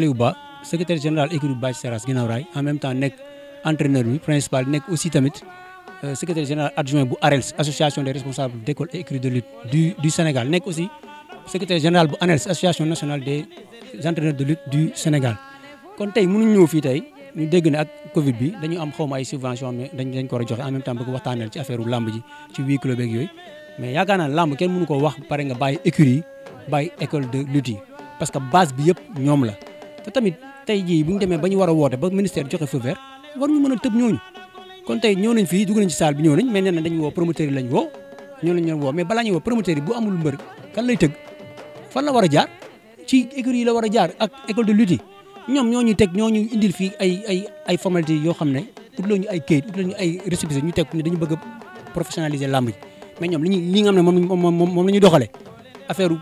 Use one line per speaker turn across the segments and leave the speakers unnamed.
Aliou Ba secrétaire général équipe Bathie Seras Guinaw Rail en même temps nekk entraîneur bi principal nekk aussi tamit euh, secrétaire général adjoint bu ARELS association des responsables d'école de lutte du Sénégal nekk aussi secrétaire général bu ANELS association nationale des entraîneurs de lutte du Sénégal. kon tey mënuñ ñëw tey ñu dégg ne ak Covid bi dañu am xaw ay subvention dañ dañ joxe en même temps bëgg waxtaaneel ci affaire lamb ji ci huis te tamit tey jii bu ñu demee ba ñu war a woote ba ministère joxe feu vert war ñu mën a tëb ñooñu kon tey ñëw nañ fii dugg nañ ci saal bi ñëw nañ mais nee na dañu woo promoteur yi lañ woo ñoo lañ woo mais balaa ñuy woo promoteur yi bu amul mbër kan lay tëgg fan la war a jaar ci écurie yi la war a jaar ak école de lutte ñoom ñoo ñuy teg ñoo ñu indil fii ay ay ay yoo xam ne utloo ñu ay kayit utloo ñu ay récépissé ñu teg ne dañu bëgg a professionnaliser làmb ji mais ñoom li ñu li nga ne moom moom moom la ñuy doxalee affaire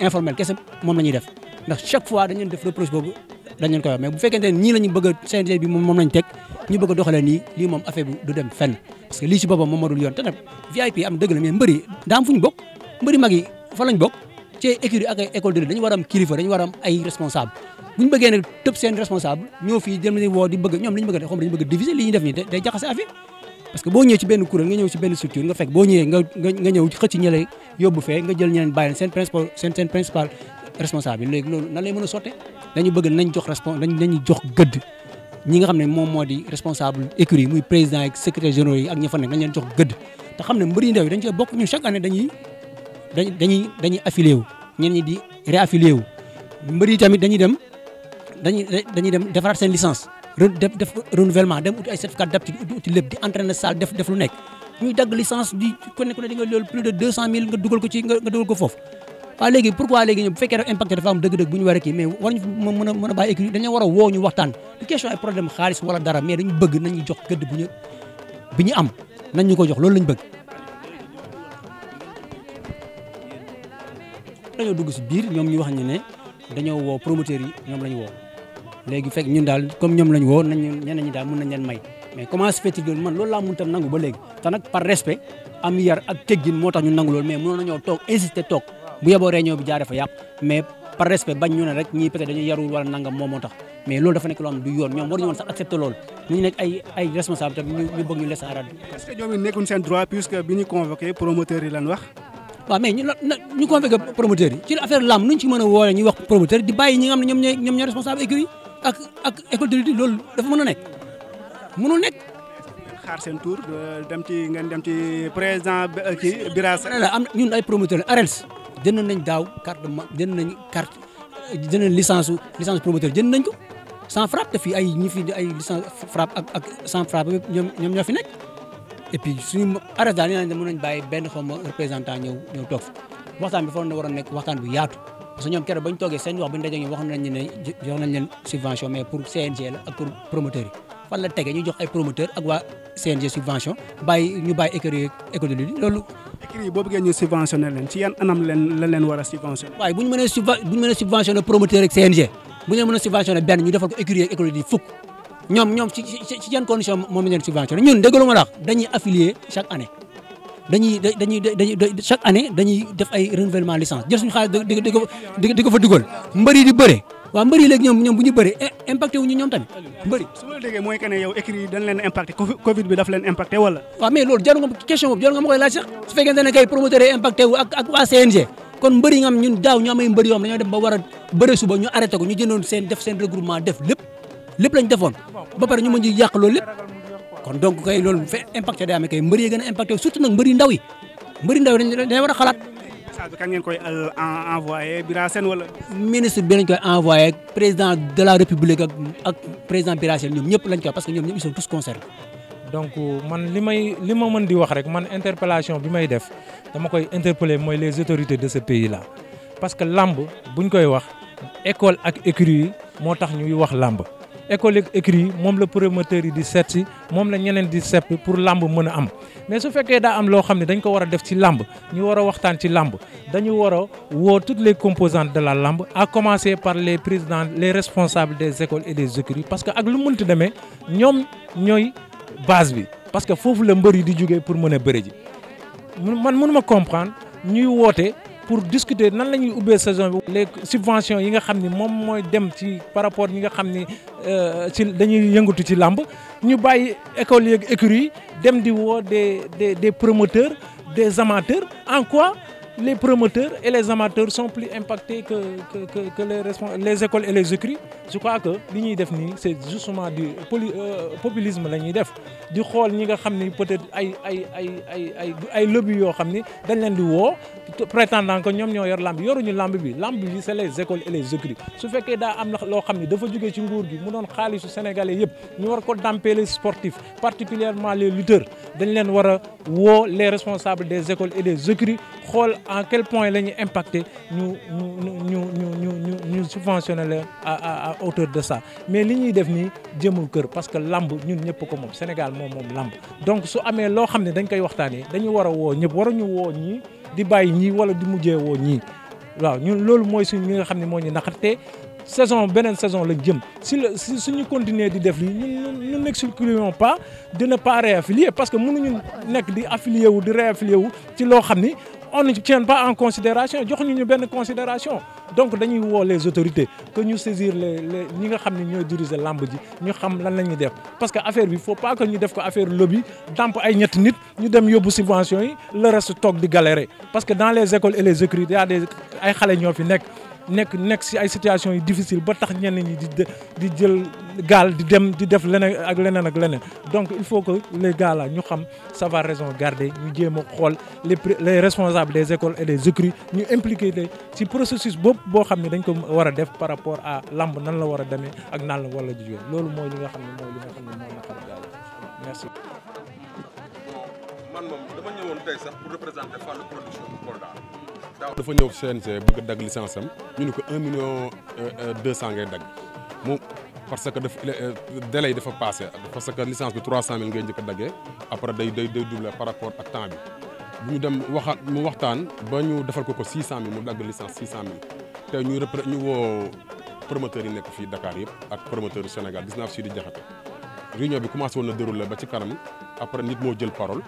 informelle kese moom la ñuy def ndax chaque fois dañu leen def reproche boobu dañ leen koy wax bu fekkente ne fa lañ bokk ci écurie ak ay école de dañu kilifa dañu war a am ay responsable bu ñu bëggee nag tëb seen responsable ñoo fii dem woo di bëgg ñoom a def nii jaxase affaire parce que boo ñëwee ci benn kuréel nga ñëw ci benn structure nga fekk boo ñëwee nga nga ñëw xëcc ñële yóbbu nga jël ñeneen bàyyi seen principal seen responsable yi léegi loolu nan lay mën a sotte dañu bëgg nañ jox gëdd ñi nga xam ne moom moo di responsable écurie muy président ak secrétaire généraux yi ak ña fa nekk nañ leen jox gëdd te xam ne mbër yi ndaw yi dañ cee bokk ñun chaque année dañuy dañuy dañuy dañuy wu ñenn ñi di réaffilié wu mbër yi tamit dañuy dem dañuy dañuy dem licence renouvellement dem uti ay certificat d'aptitude uti uti lépp di entraîner salle def lu nekk ñuy dagg licence di ku nekk di nga loolu plus de 200000 nga ko ci nga dugal ko foofu waaw léegi pourquoi léegi ñoom bu fekkee dafa impacté dafa am dëgg-dëgg bu ñu war a kii mais ñu mën a mën a bàyyi écrit dañoo war a woo ñu waxtaan du question ay problème xaalis wala dara mais dañu bëgg nañu jox gëdd bu ñu bi ñu am nañ ñu ko jox loolu lañu bëgg dañoo dugg si biir ñoom ñu wax ñu ne dañoo woo promoteurs yi ñoom la ñu woo léegi fekk ñun daal comme ñoom lañu woo nañu ñeneen ñi daal mën nañ leen may mais comment se fait man loolu laa mënut a nangu ba léegi te nag par respect am yar ak teggin moo tax ñu nangu loolu mais nañoo toog insister toog bu yeboo réunion bi jaaree fa yàq mais par respect bañ ñu ne rek ñii peut-être yarul wala nangam moom moo tax mais loolu dafa nekk loo du yoon ñoom waruñu woon sax accepté nekk mais ñu a woolee ñuy wax promoteur di bàyyi ñi nga xam ne ñoom ñooy ñoom ñooy responsable écurie ak ak xaar seen tour dem ci ngeen dem ci président euh, kii Bira Sène am ñun ay promoteur arels jënd nañ daaw carte jënd jën carte jënd nañ licence su licence promoteur jën nañ ko sans frappe te fii ay ñi fi ay licence frappe ak ak sans frappe ñoom ñoom ñoo fi nekk. et puis suñu arrêté daal nee nañ bàyyi benn xaw ma représentant ñëw ñëw toog fa waxtaan bi foog na war a nekk waxtaan bi yaatu. parce que ñoom keroog bañ toogee seen wax bu ñu dajee ñoom wax nañ ne jox nañ leen subvention mais pour CNG la ak pour promoteurs yi fan la tegee ñu jox ay promoteur ak waa CNG subvention bàyyi ñu bàyyi écurie école de lutte loolu écrits yi boo bëggee ñu subventionné leen ci yan anam leen lan leen war a subventionné. waaye bu ñu mënee subven bu promoteur CNG bu ñu mënee subventionné benn ñu defal ko écurie ak école ñoom ñoom ci yan condition moom la ñu leen subventionné ñun déglu dañuy affilier chaque année. dañuy dañuy dañuy dañuy def ay renouvellement licence jël suñu xaalis di ko fa dugal mbëri di bëre. waaw mbëri léegi ñoom ñoom bu ñu bëri eh, impacté wuñu ñoom tamit mbëri su ma la déggee mooy que ne yow écrit yi dañ leen impacté covid bi daf leen impacté wala waaw mais loolu jaru nga question boobu jaru nga ma koy laaj sax su fekkente ne kay promoteur yi impacté wu ak ak waa CNG kon mbëri yi nga xam ñun daaw ñu amay mbëri yoo xam dañoo dem ba war a bëri suba ñu arrêté ko ñu jëndoon seen def seen regroupement def lépp lépp lañ defoon ba pare ñu mën di yàq loolu lépp kon donc kay loolu fa impacté day amee kay mbëri yi gën a impacté surtout nag mbëri ndaw yi mbëri ndaw yi dañ war a xalaat
message bi kan ngeen koy euh, envoyé Bira Sène wala.
ministre bi lañ koy envoyé président de la république ak ak président Bira ñoom ñëpp lañ koy parce que ñoom ñëpp ils sont tous concernés. donc euh, man li may li ma mën di wax rek man interpellation bi may def dama koy interpeller mooy les autorités de ce pays la parce que lamb bu ñu koy wax école ak écurie yi moo tax ñuy wax làmb école ak écurie yi moom la promoteur yi di seet si moom la ñeneen di sepp pour lamb mën a am. mais su fekkee daa am loo xam ne dañ ko war a def ci làmb ñu war a waxtaan ci làmb dañuy war a woo toutes les composante de la làmb à commencer par les président les responsables des écoles et des écuries parce que ak lu mun mënti demee ñoom ñooy base bi parce que foofu la mbër yi di jógee pour mën a bëri ji man mënuma comprendre ñuy woote pour discuter nan la ñuy ubbee saison bi. les subvention yi nga xam ni moom mooy dem ci par rapport ñi nga xam ni euh, ci dañuy yëngatu ci làmb ñu bàyyi école yeeg écurie yi dem di woo des des des promoteurs des amateurs en quoi. les promoteurs et les amateurs sont plus impactés que que que, que les les écoles et les écrits je crois que li ñuy def nii c'est justement du euh, la ñuy def di xool ñi nga xam ni peut-être ay ay ay ay ay ay yoo xam ni dañ leen di woo prétendant que ñoom ñoo yor lamb yoruñu lamb bi lamb bi les écoles et les écrits su fekkee am na loo xam ni dafa jógee ci nguur gi mu doon xaalisu sénégalais yëpp ñu war ko damper les sportifs particulièrement les lutteurs dañ leen war woo les responsables des écoles et des écrits xool à quel point la ñu impacté ñu ñu ñu ñu ñu ñu ñu subventionné la à à hauteur de ça mais li ñuy def nii jëmul kër parce que lamb ñun ñëpp ko moom Sénégal moom moom lamb donc su amee loo xam ne dañ koy waxtaanee dañu war a woo ñëpp waruñu woo ñii di bàyyi ñii wala di mujjee woo ñii waaw ñun loolu mooy suñ li nga xam ne moo ñu naqarte saison beneen saison lañ jëm si la si suñu continuer di def lii ñun ñun n'excluons pas de ne pas réaffilier parce que mënuñu nekk di affilier wu di réaffilier wu ci loo xam ni on ne tient pas en considération joxuñu ñu benn considération donc dañuy woo les autorités que ñu saisir les les ñi nga xam ne ñooy diriger lamb ji ñu xam lan la ñuy def parce que affaire bi faut pas que ñu def ko affaire lobby damp ay ñetti nit ñu dem yóbbu subvention yi le reste toog di galérer parce que dans les écoles et les écrits y a des xale ñoo fi nekk. nekk nekk si ay situation yu difficile ba tax ñenn ñi di di jël gaal di dem di def leneen ak leneen ak leneen donc il faut que les gars ñu xam savoir raison garder ñu jéem a xool les les responsables des écoles et des écuries ñu impliqué leen ci processus boobu boo xam ne dañ ko war a def par rapport à lamb nan la war a demee ak nan la war a jugee loolu mooy li nga xam ne mooy li nga xam ne mooy la xam gars yi merci.
man moom dama ñëwoon tey sax pour représenter Fallou Production Kolda. dafa ñëw CNG bëgg dagg licence ñu ni ko un million euh, deux cent ngay dagg moom parce que daf euh, délai yi dafa passé parce que licence bi trois cent mille ngay njëkk a daggee après day day day doublé par rapport ak temps bi bu ñu dem waxaat mu waxtaan ba ñu defal ko ko six cent mille mu dagg licence six cent mille te ñu repre ñu woo yi nekk fii Dakar yëpp ak promoteurs yu Sénégal gis naa fi di jaxate réunion bi commencé woon na déroulé ba ci kanam après nit moo jël parole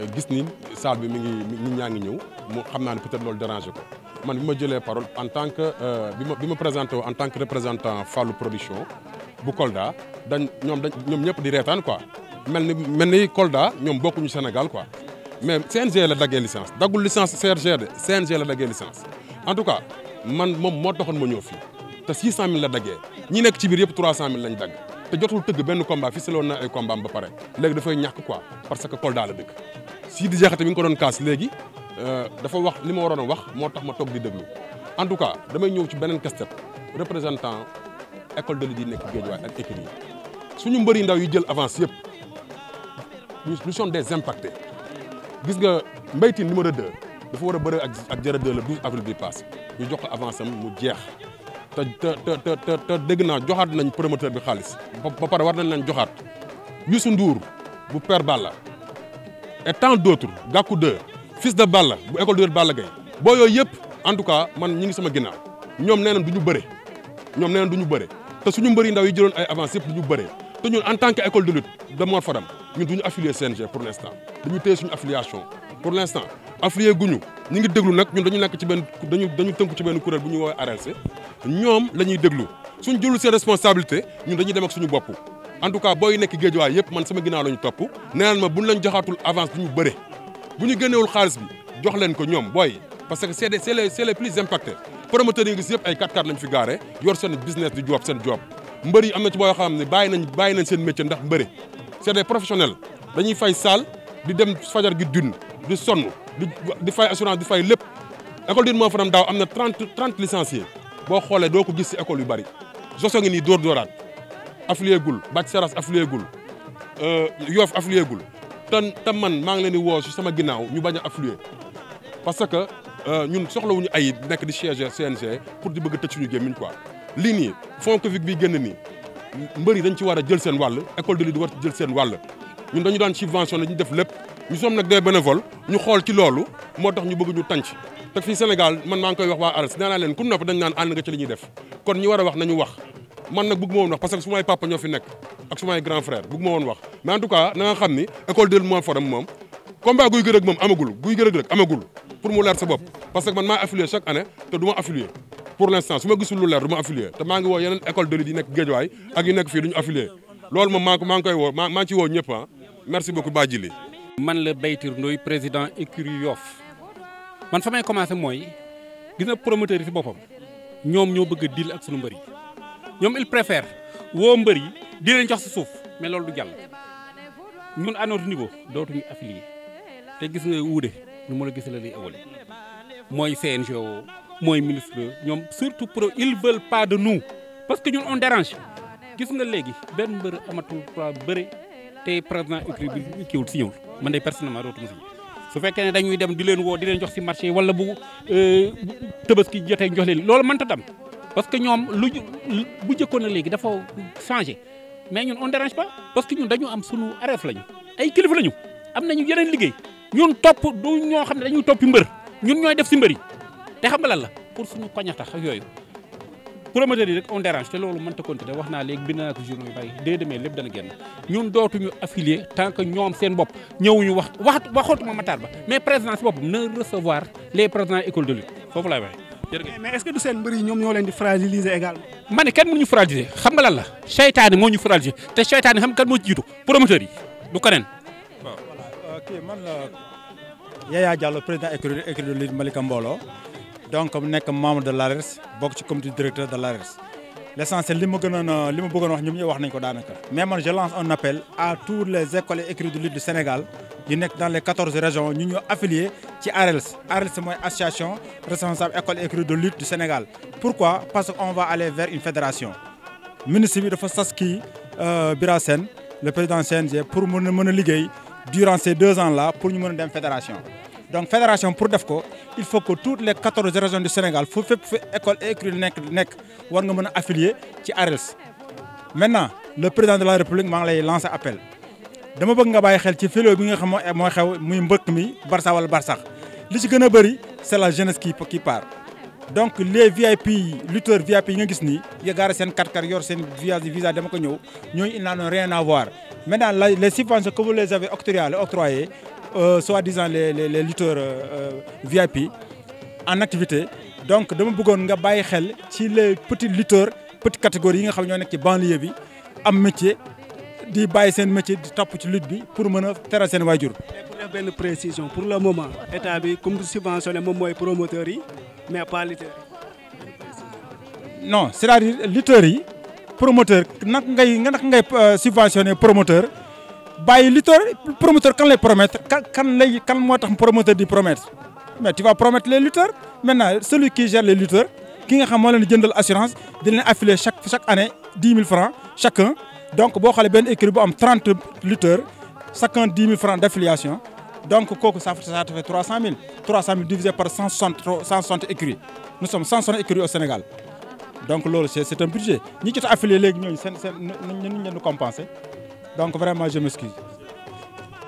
euh, gis ni salle bi mi ngi nit ñaa ngi ñëw mu xam naa ne peut-être loolu dérangé ko man bi ma jëlee parole en tan que euh, bi ma bi ma présenté en tant que représentant Fallou Production bu Kolda dañ ñoom dañ ñoom ñëpp di reetaan quoi mel ni mel ni Kolda ñoom bokkuñu Sénégal quoi mais CNG la daggee licence daggul licence CRG de CNG la daggee licence en tout cas man moom moo taxoon ma ñëw fii te 600000 la daggee ñi nekk ci biir yëpp 300000 lañ dagg te jotul tëgg benn combat fi seloon na ay combat ba pare léegi dafay ñàkk quoi parce que Kolda la dëkk si di jeexate ko doon kaas léegi Euh, dafa wax li ma waroon a wax moo tax ma toog di déglu en tout cas damay ñëw ci beneen casse-tête représentant école de lutte yi nekk Guédiawaye ak écurie yi suñu mbëri ndaw yi jël avance yëpp nous sommes des impactés gis nga Mbaye Tine numéro 2 dafa war a bëre ak ak Diarra 2 le 12 avril bi passé ñu jox ko avance am mu jeex te te te te dégg naa joxaat nañ promoteur bi xaalis ba pare war nañ leen joxaat Youssou nduur bu per Balla et tant d'autres Gakou fils de Balla bu école de Balla Gaye boo yooyu yëpp en tout cas man ñi ngi sama ginnaaw ñoom nee nañ du ñu bëre ñoom nee nañ du ñu bëre te suñu mbëri ndaw yi jëloon ay avance yëpp du ñu bëre te ñun en tant que école de lutte de Mor Fadam ñun du ñu affilié CNG pour l' instant dañu téye suñu affiliation pour l' instant affilié guñu ñu nag ñun dañu nekk ci benn dañu dañu tënku ci benn kuréel bu ñu woowee RLC ñoom la ñuy déglu suñ jëlul seen responsabilité ñun dañuy dem suñu bopp en tout cas booy nekk géejuwaay yëpp man sama ginnaaw la ñu topp nee ma buñ lañ joxaatul avance du ñu bëre bu ñu génneewul xaalis bi jox leen ko ñoom booy parce que c'est c'est les c'est les plus impactés promoteurs yi ngi si yëpp ay 4x4 fi gaare yor seen business di job seen job mbër yi am na ci boo xam ne bàyyi nañ bàyyi nañ seen métier ndax mbëre c'est des professionnels dañuy fay salle di dem fajar gi dun di sonn di fay assurance di fay lépp école dune moo fanam daaw am na 30 30 licenciés boo xoolee doo ko gis si école yu bari joso ngi nii dóor dóoraat affilié gul Bac Seras affilié gul euh, Yoff affilié te man maa ngi leen di woo si sama ginnaaw ñu bañ a affluer parce que euh, ñun soxlawuñu ay nekk di siège CNG pour di bëgg a tëj suñu gémmiñ quoi. lii nii fond Covid bi génn nii mbër yi ci war a jël seen wàll école de lutte war ci jël seen wàll ñun dañu daan subventionné nañu def lépp ñu sommes nag des bénévoles ñu xool ci loolu moo tax ñu bëgg ñu tànc te fii Sénégal man maa ngi koy wax waa ARS nee naan ànd nga ci li ñuy def kon ñi war a wax nañu wax man nag bëgg moom que su may ñoo fi nekk ak sumay grand frère bëgg ma wax mais en tout cas na nga xam ni école de mois forum moom combat guy gërëg moom amagul guy gërëg rek amagul pour mu leer sa bopp parce que man maa affilié chaque année te du ma affilié pour l' instant su ma gisul lu leer du ma affilié te maa ngi woo yeneen école de lutte yi nekk Guédiawaye ak yu nekk fii du ñu affilié loolu moom maa ngi woo maa ngi woo ñëpp ah merci beaucoup Ba man la Baytir Ndoye président écurie Yoff
commencé mooy gis na promoteur yi si ñoom ñoo bëgg a ak sunu mbër ñoom il préfère woo mbër yi di jox si suuf mais loolu du jàll ñun à notre niveau dootuñu affilié te gis nga wuude nu mën a gis la lay ëwale mooy CNG woo mooy ministre ñoom surtout pro ils veulent pas de nous parce que ñun on dérange gis nga léegi benn mbër amatul quoi bëre te président écrit bi kiiwul si ñëwul man de personnellement dootuma si su fekkee ne dañuy dem di leen woo di leen jox si marché wala bu euh, tëbaski jotee jox leen loolu mënta tam parce que ñoom lu bu jëkkoon na léegi dafa changé mais ñun on dérange pas parce que ñun dañu am sunu aref lañu ay kilifa lañu am nañu yeneen liggéey ñun topp du ñoo xam ne dañu toppi mbër ñun ñooy def si mbër yi te xam nga lan la pour suñu koñ a tax ak yooyu promoteur yi rek on dérange te loolu mënta wax naa léegi bind naa ko journaux yu bari dès demain lépp dana génn ñun dootuñu affilié tant ñoom seen bopp ñëwuñu wax wax waxootuma Matar Ba mais président si boppam na recevoir les présidents école de lutte foofu laay waxee. ñoo leen di fragiliser ma ne kenn mënuñu fragiliser xam nga lan la seytaane moo ñu fragiliser te seytaane xam kan moo jiito jiitu promoteur yi du keneen
waaw. voilà euh, kii man la Yaya Diallo président écurie écurie de lutte Malika Mbolo donc nekk membre de l'ARES bokk ci comité directeur de l'ARES l'essentiel li ma gënoon li ma bëggoon wax ñoom ñëpp wax nañ ko daanaka. mais je lance un appel à tous les écoles et écuries du Sénégal yu nekk dans les régions ñu ñu affilié ci ARELS. ARELS mooy association responsable école et écurie de lutte du Sénégal pourquoi parce que on va aller vers une fédération. ministre bi dafa sas kii euh, Bira Sène le président CNG pour mën a mën a liggéey durant ces deux ans là pour ñu mën a dem fédération donc fédération pour def ko. il faut que toutes les quatorze régions du Sénégal fu fépp fu école et nekk nekk war nga mën a affilier ci ARELS. maintenant le président de la république maa lay lancer appel dama bëgg nga bàyyi xel ci fléau bi nga xam mooy xew muy mbëkk mi Barça wala Barsax li ci gën a bëri c'est la jeunesse qui qui part. donc les VIP lutteurs VIP yi nga gis nii ya gaare seen kàrkar yor seen visa visa dama ko ñëw ñooñu na n'ont rien à voir maintenant les subventions que vous les avez octroyées euh, soi-disant les les les lutteurs euh, euh VIP en activité donc dama bëggoon nga bàyyi xel ci les petits lutteurs petites catégories yi nga xam ñoo nekk ci banlieue bi am métier di bàyyi seen métier di topp ci lutte bi pour mën a teral seen waajur. benn précision pour le moment état bi
comme subventionné moom mooy yi mais pas lutteurs
non c'est-à-dire lutteurs yi promoteur naka ngay nga naka ngay euh, subventionné promoteur. bàyyi lutteur promoteur kan lay promettre kan moo tax promoteur di promettre mais tu vas promettre les lutteurs maintenant celui qui gère les lutteurs ki nga xam moo leen jëndal assurance di leen affilier chaque chaque année dix mille francs chacun donc boo xoolee benn écurie bu am trente lutteurs chacun dix mille francs d' donc kooku ça fait trois cent mille trois cent mille divisé par cent cent soixante écuries nous sommes cent soixante au Sénégal donc loolu c' est donc vraiment je